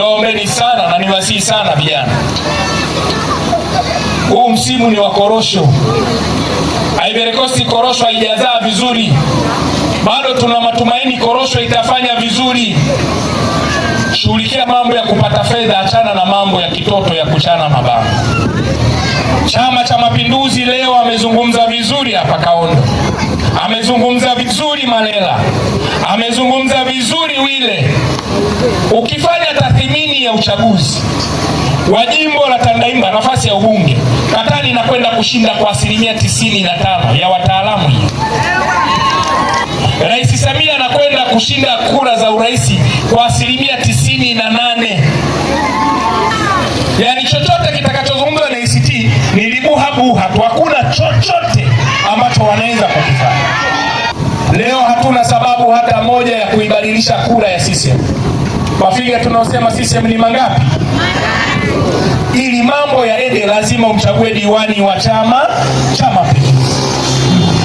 niwaombeni sana na niwasihi sana vijana, huu msimu ni wa korosho. Ivory korosho haijazaa vizuri, bado tuna matumaini korosho itafanya vizuri. Shughulikia mambo ya kupata fedha, achana na mambo ya kitoto ya kuchana mabango. Chama cha Mapinduzi leo amezungumza vizuri hapa Kaondo, amezungumza vizuri Malela, amezungumza Wile, ukifanya tathmini ya uchaguzi wa jimbo la Tandaimba nafasi ya ubunge, Katani inakwenda kushinda kwa asilimia tisini na tano ya wataalamu hii. Rais Samia anakwenda kushinda kura za urais kwa asilimia tisini na nane. Yaani chochote kitakachozungumza na ACT ni libuhabuha tu, hakuna chochote ambacho wanaweza sababu hata moja ya kuibadilisha kura ya CCM. figa tunaosema CCM ni mangapi? Ili mambo yaende, lazima umchague diwani wa chama cha Mapinduzi.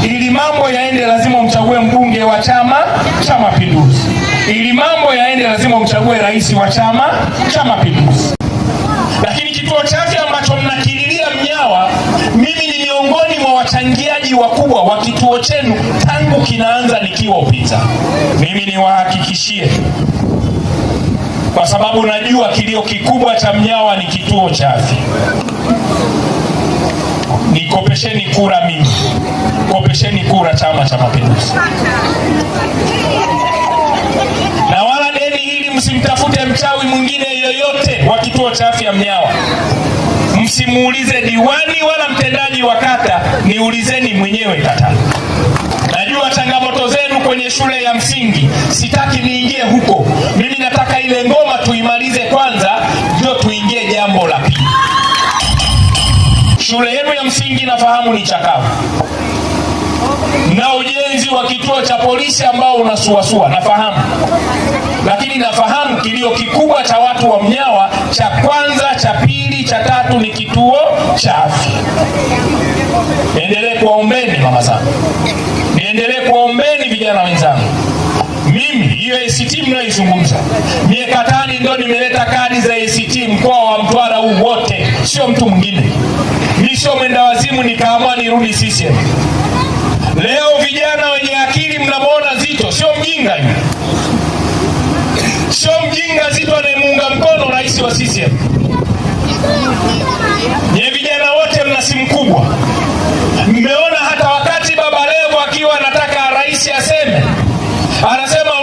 Ili mambo yaende, lazima umchague mbunge wa chama cha Mapinduzi. Ili mambo yaende, lazima umchague rais wa chama cha Mapinduzi. Lakini kituo chake ambacho mnakililia mnyawa wachangiaji wakubwa wa kituo chenu tangu kinaanza nikiwa Upita. Mimi niwahakikishie, kwa sababu najua kilio kikubwa cha Mnyawa ni kituo cha afya. Nikopesheni kura mimi, kopesheni kura Chama cha Mapinduzi, na wala deni hili msimtafute mchawi mwingine yoyote wa kituo cha afya Mnyawa msimuulize diwani wala mtendaji wa kata, niulizeni mwenyewe kata. Najua changamoto zenu kwenye shule ya msingi, sitaki niingie huko. Mimi nataka ile ngoma tuimalize kwanza, ndio tuingie jambo la pili. Shule yenu ya msingi nafahamu ni chakavu, na ujenzi wa kituo cha polisi ambao unasuasua nafahamu, lakini nafahamu kilio kikubwa cha watu wa Mnyawa, cha kwanza, cha pili ACT mnaizungumza. miaka tani ndio nimeleta kadi za ACT mkoa wa Mtwara huu wote, sio mtu mwingine. Mi sio mwenda wazimu nikaamua nirudi CCM. Leo vijana wenye akili mnamwona Zito, sio mjinga yule, sio mjinga Zito anayemuunga mkono rais wa CCM. Nye vijana wote mna simu kubwa, mmeona hata wakati Baba Levo akiwa anataka rais aseme, anasema